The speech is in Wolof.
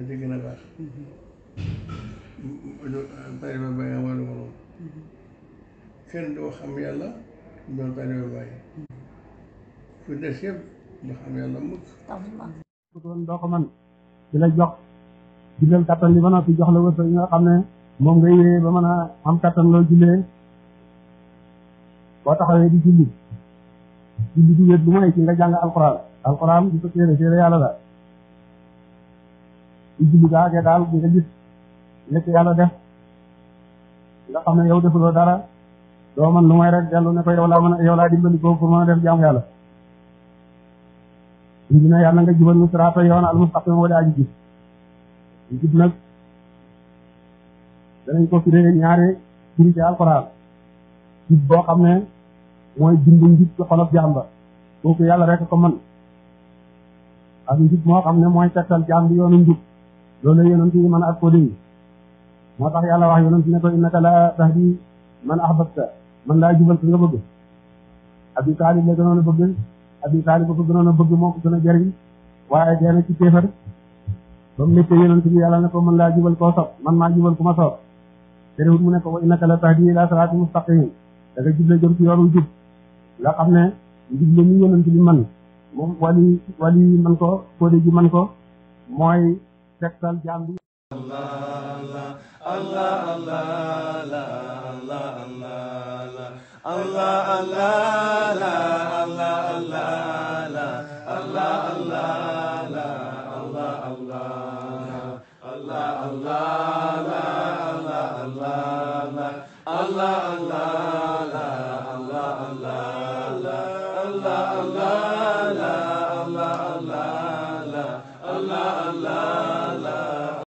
da ci gën a baax taaliba bàyyi amaa lu moroom mm-hmm. kenn doo xam yàlla doon taaliba bàyyi mm-hmm. fu des yëpp doo xam yàlla mukk doon doo ko man di la jox julleel kattan li mën a fi jox la wërsëg yi nga xam ne moom ngay wéyee ba mën a am kattan loolu jullee boo taxawee di julli julli du wéet lu may ci nga jàng alxuraan alxuraan di ko téere téere yàlla la di julli gaage daal di nga gis xam ne yow defuloo dara man lu may rek dellu ne ko yow laa mën a yow laa dimbali ko pour mën a def jaamu yàlla indi na yoon al-mustaqim wala aji jub jub nag danañ ko firee boo xam ne mooy bind njub ci xolof jaam ba kooku yàlla rek ko mën ak njub moo xam ne mooy tegtal jaam bi yoonu njub loolu yonent yi mën a ak ko dégg moo tax yàlla wax yonent ne ko innaka laa tahdi man ahbabta man laa jubal ki nga bëgg abi taalib la gënoon a bëgg abi taalib bëgg moo ko gën a jariñ waaye dee na ci kéefar ba mu nekkee yonent bi yàlla ne ko man laa jubal koo sopp man maa jubal ku ma sopp te rewut mu ne ko wa innaka la tahdi ila siraatin mustaqim da nga juble jëm ci yoonu jub la xam ne juble ni yonent bi man moom wali wali man ko kóode ji man ko mooy tegtal jàng yi Allah Allah Allah Allah Allah Allah Allah